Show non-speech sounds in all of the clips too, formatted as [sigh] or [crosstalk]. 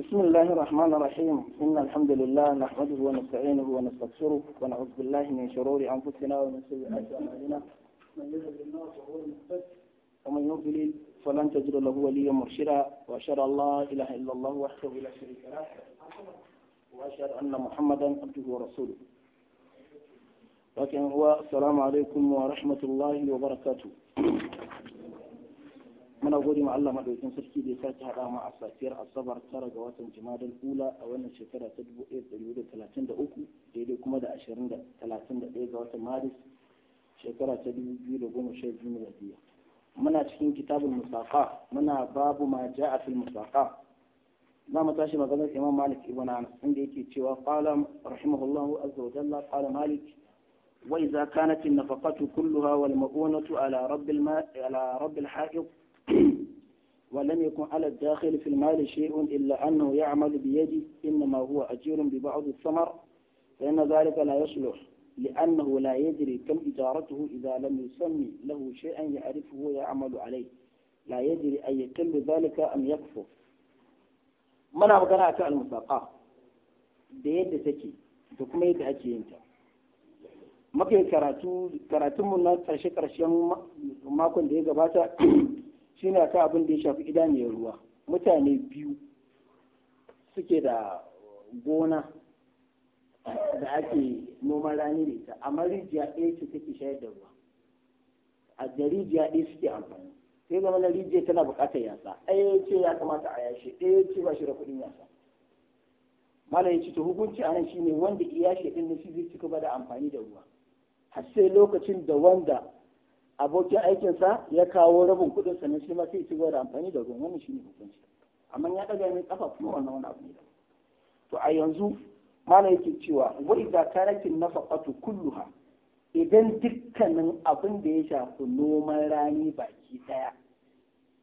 بسم الله الرحمن الرحيم إن الحمد لله نحمده ونستعينه ونستغفره ونعوذ بالله من شرور أنفسنا ومن سيئات أعمالنا من يهد الله فهو المهتد ومن يضلل فلن تجد له وليا مرشدا وأشهد أن لا إله إلا الله وحده لا شريك له وأشهد أن محمدا عبده ورسوله لكن هو السلام عليكم ورحمة الله وبركاته muna gode ma Allah madaukakin sarki da ya sake haɗa mu a safiyar asabar tara ga watan jimadal ula a wannan shekara ta 1933 daidai kuma da 31 ga watan maris shekara ta 2012 miladiya muna cikin kitabul musaqa muna babu ma ja'a fil musaqa na mu tashi maganar imam malik ibn anas inda yake cewa qala rahimahullahu azza wa jalla qala malik وإذا كانت النفقة كلها والمؤونة على رب الماء على رب الحائط ولم يكن على الداخل في المال شيء إلا أنه يعمل بيده إنما هو أجير ببعض الثمر فإن ذلك لا يصلح لأنه لا يدري كم إجارته إذا لم يسمي له شيئا يعرفه ويعمل عليه لا يدري أن يقل ذلك أم يكفر من أبقنا أكا المساقات بيد تكي take da ما yadda ake كراتو ta muka ترشي karatunmu ما كنت karshen shine ta abin da ya shafi idaniyar ruwa mutane biyu suke da gona da ake noman rani da ita amma rijiya ɗaya ce take shayar da ruwa a da rijiya ɗaya suke amfani sai zama na rijiya tana buƙatar yasa ɗaya ce ya kamata a yashe ɗaya ce ba shi da kuɗin yasa mala ya ce to hukunci a nan shine wanda iya shi na shi zai ci gaba da amfani da ruwa har sai lokacin da wanda abokin aikinsa ya kawo rabin kudin sa ne shi ma sai ci gaba da amfani da ruwan wannan ne hukunci amma ya daga ne kafa kuma wannan wani abu ne to a yanzu malam yake cewa wa idza kanatin nafaqatu kulluha idan dukkanin abin da ya shafi noman rani baki daya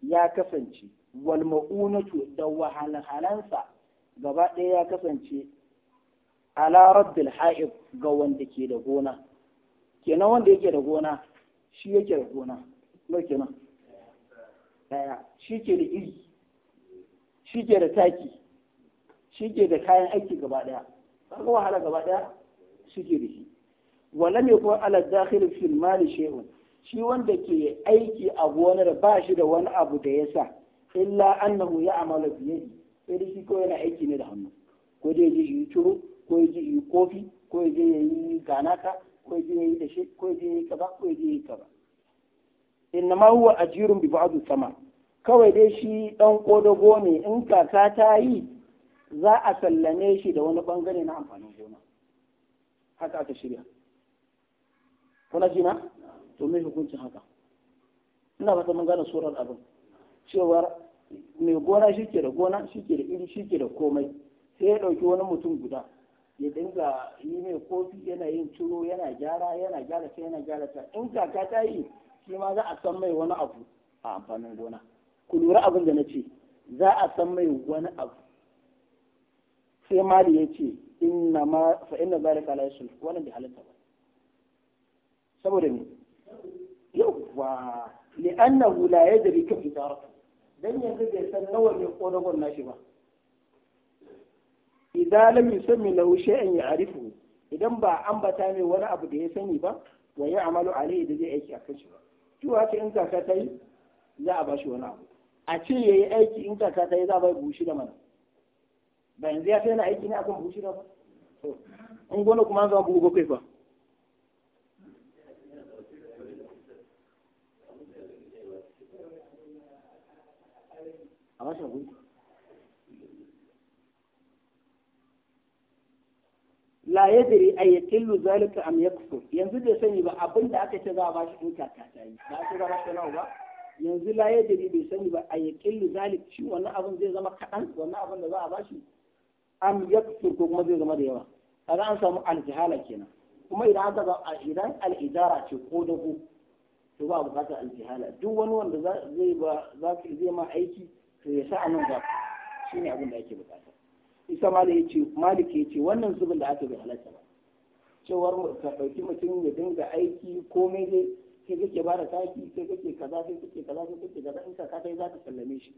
ya kasance wal ma'unatu da wahalhalansa gaba ɗaya ya kasance ala rabbil ha'ib ga wanda ke da gona kenan wanda yake da gona shi yake da gona no nan? Ɗaya shi ke da iri shi ke da taki shi ke da kayan aiki gaba daya kaga wahala gaba ɗaya shi ke da shi walam yakun ala dakhil fil mali shay'un shi wanda ke aiki a gonar ba shi da wani abu da ya sa illa annahu ya amala biyadi sai dai shi ko yana aiki ne da hannu ko dai ya yi turu, ko ya yi kofi ko ya yi ganaka ko je yayi da shi ko je yayi kaza ko je yayi kaza huwa ajirun bi ba'd sama kawai dai shi dan kodogo ne in kaka ta yi za a sallame shi da wani bangare na amfanin gona haka aka shirya kuna jina to me hukuncin haka ina fata mun gane surar abin cewa mai gona shi ke da gona shi ke da iri shi ke da komai sai ya ɗauki wani mutum guda ya dinga yi mai kofi yana yin ciro yana gyara yana gyara ta yana gyara ta in kaka ta yi shi ma za a san mai wani abu a amfanin gona ku lura abin da na ce za a san mai wani abu sai mali ya ce inna ma fa inna zalika la yusul wani bai halatta ba saboda me yawwa li'annahu la yadri kayfa dan yanzu bai san nawa ne ko kodagon shi ba idan lam yusammi lahu shay'an ya'rifu idan ba ambata mai wani abu da ya sani ba wa ya amalu alaihi da zai aiki a kan shi ba cewa ce in kaka ta yi za a bashi wani abu a ce ya yi aiki in kaka ta yi za a bai bushi da mana ba yanzu ya kai aiki ne akan bushi da ba in gona kuma zama bugu bakwai ba a bashi la a ay yatillu zalika am yakfur yanzu bai sani ba abin da aka ce za a bashi in kaka ta yi ba aka ba shi ba yanzu la yadri bai sani ba a ay yatillu zalika shi wannan abin zai zama kaɗan wannan abin da za a bashi am yakfur ko kuma zai zama da yawa kaga an samu aljihala kenan kuma idan aka ga idan al'ijara ce ko dago to ba bukatar aljihala duk wani wanda zai ba zai ma aiki to ya sa nan ba shine abin da ake bukata isa malik ya ce wannan zubin da aka bai halatta ba cewar ka ɗauki mutum ya dinga aiki komai dai sai kake ba da taki sai kake kaza sai kake kaza sai kake kaza in ka ka kai za ka sallame shi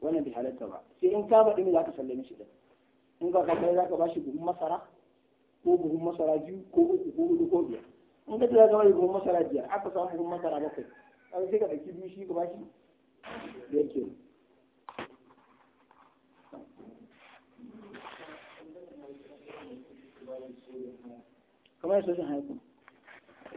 wannan bai halatta ba sai in ka faɗi za ka sallame shi din in ka ka kai za ka ba shi buhun masara ko buhun masara biyu ko uku ko hudu ko biyar in ka ce za ka ba shi buhun masara biyar aka samu buhun masara bakwai sai ka ɗauki biyu shi ka ba shi biyar kenan kamar sojin haiku ah. sai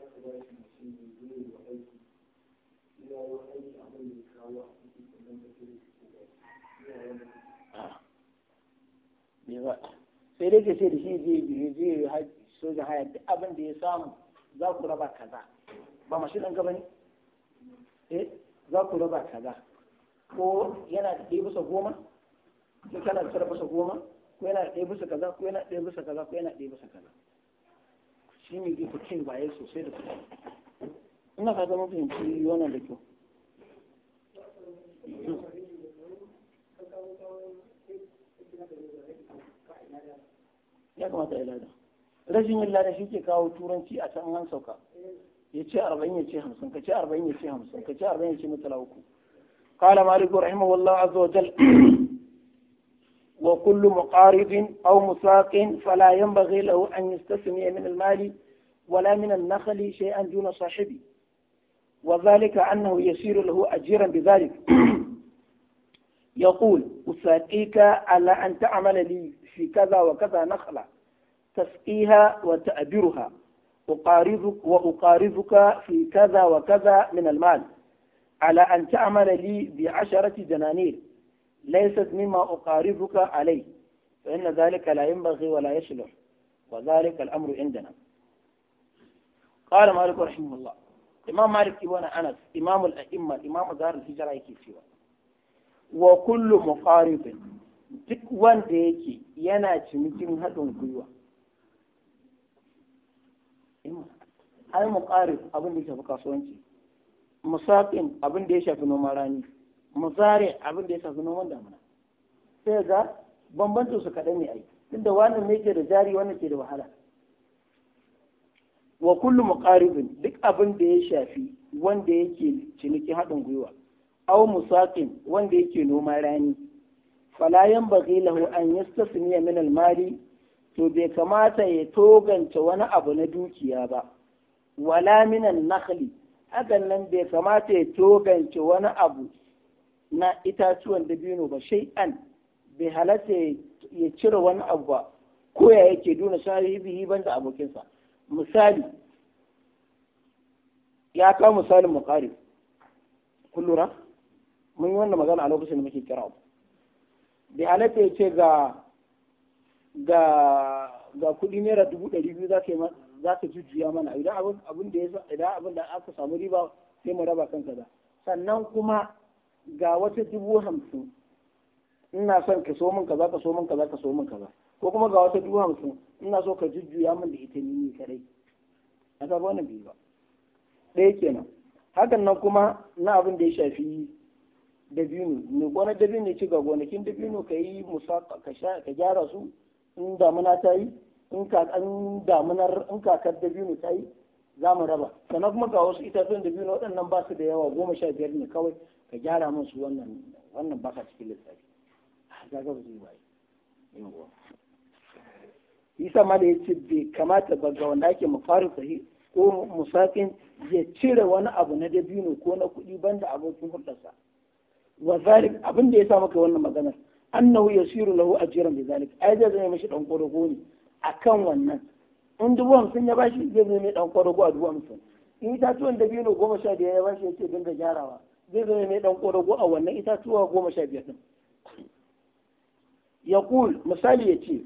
dai ke ce da shi zai biyu zai sojin haya duk abin da ya samu za ku raba kaza ba ma shi ɗan gaba ne eh za ku raba kaza ko yana da ɗaya bisa goma ko kana da tara bisa goma ko yana da ɗaya bisa kaza ko yana da ɗaya bisa kaza ko yana da ɗaya bisa kaza shi ne zai fice baya sosai da sosai ina ka zama fahimci wannan da kyau ya kamata ya lada rashin yin lada shi ke kawo turanci a can an sauka ya ce arba'in ya ce hamsin ka ce arba'in ya ce hamsin ka ce arba'in ya ce mutala uku قال مالك رحمه الله عز وجل وكل مقارب أو مساق فلا ينبغي له أن يستثني من المال ولا من النخل شيئا دون صاحبه وذلك أنه يسير له أجيرا بذلك [clears throat] يقول أساقيك على أن تعمل لي في كذا وكذا نخلة تسقيها وتأبرها أقارضك وأقارضك في كذا وكذا من المال على أن تعمل لي بعشرة دنانير ليست مما أقاربك عليه فإن ذلك لا ينبغي ولا يصلح وذلك الأمر عندنا قال مالك رحمه الله إمام مالك ابن أنس إمام الأئمة إمام دار الهجرة يكفي وكل مقارب duk wanda yake yana cinikin haɗin gwiwa ai muƙarib abin da ya shafi kasuwanci musaƙin abin da ya shafi noman rani mazari abin da ya shafi noman damuna sai ga bambanci su kaɗan ne ai tunda wannan ne ke da jari wannan ke da wahala wa kullu muqaribin duk abin da ya shafi wanda yake ciniki haɗin gwiwa aw musaqin wanda yake noma rani fala yanbaghi lahu an yastasmiya min al-mali to bai kamata ya toganta wani abu na dukiya ba wala min an-nakhli hakan nan bai kamata ya togance wani abu na itatuwan dabino ba an bai halatta ya cire wani abu ba ko ya yake duna ban da abokinsa misali ya kawo misalin mukari, kun lura mun yi wannan magana a lokacin da muke kira bai halatta ya ce ga ga ga kuɗi naira dubu ɗari biyu za ka za mana idan abin da aka samu riba sai mu raba kansa da sannan kuma ga wata dubu hamsin ina son ka so min kaza ka so min kaza ka so min kaza ko kuma ga wata dubu hamsin ina so ka jujjuya min da ita ni kadai a ga wannan biyu ba ɗaya kenan hakan nan kuma na abin da ya shafi dabino ne gonar dabino ne ci ga gonakin dabino ka yi musa ka gyara su in damuna ta yi in damunar in kakar dabino ta yi za mu raba sannan kuma ga wasu itacen dabino waɗannan ba su da yawa goma sha biyar ne kawai ka gyara musu wannan wannan baka cikin lissafi ah, ga ga su bai yawa isa ma da yace bai kamata ba ga wanda ake mafarin sahi ko musafin ya cire wani abu na dabino ko na kuɗi banda abokin hulɗarsa wa zalik abin da ya sa maka wannan maganar annahu yasiru lahu ajran bi zalik ai zai zama mishi dan kodogo ne akan wannan in dubu hamsin ya bashi zai zama mai dan kodogo a dubu hamsin in itatuwan dabino goma sha biyar ya bashi ya ce dinga gyarawa zai zama mai ɗan korago a wannan itatuwa goma sha biyar ɗin yaqul misali yace